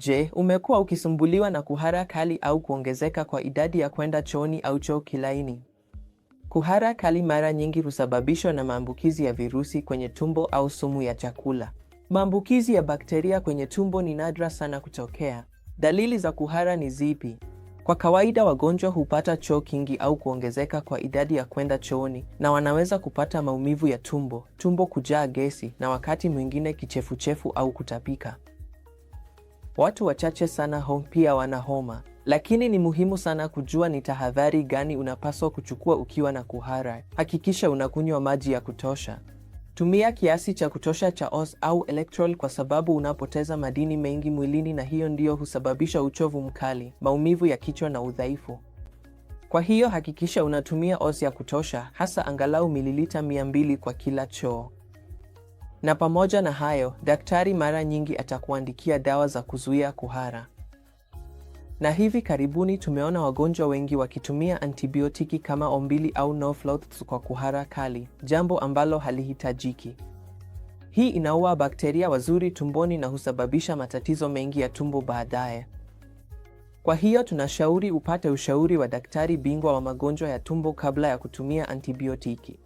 Je, umekuwa ukisumbuliwa na kuhara kali au kuongezeka kwa idadi ya kwenda chooni au choo kilaini? Kuhara kali mara nyingi husababishwa na maambukizi ya virusi kwenye tumbo au sumu ya chakula. Maambukizi ya bakteria kwenye tumbo ni nadra sana kutokea. Dalili za kuhara ni zipi? Kwa kawaida wagonjwa hupata choo kingi au kuongezeka kwa idadi ya kwenda chooni, na wanaweza kupata maumivu ya tumbo, tumbo kujaa gesi, na wakati mwingine kichefuchefu au kutapika. Watu wachache sana pia wana homa, lakini ni muhimu sana kujua ni tahadhari gani unapaswa kuchukua ukiwa na kuhara. Hakikisha unakunywa maji ya kutosha. Tumia kiasi cha kutosha cha os au electrol, kwa sababu unapoteza madini mengi mwilini na hiyo ndiyo husababisha uchovu mkali, maumivu ya kichwa na udhaifu. Kwa hiyo hakikisha unatumia os ya kutosha, hasa angalau mililita 200 kwa kila choo. Na pamoja na hayo, daktari mara nyingi atakuandikia dawa za kuzuia kuhara. Na hivi karibuni tumeona wagonjwa wengi wakitumia antibiotiki kama ombili au Norflox kwa kuhara kali, jambo ambalo halihitajiki. Hii inaua bakteria wazuri tumboni na husababisha matatizo mengi ya tumbo baadaye. Kwa hiyo tunashauri upate ushauri wa daktari bingwa wa magonjwa ya tumbo kabla ya kutumia antibiotiki.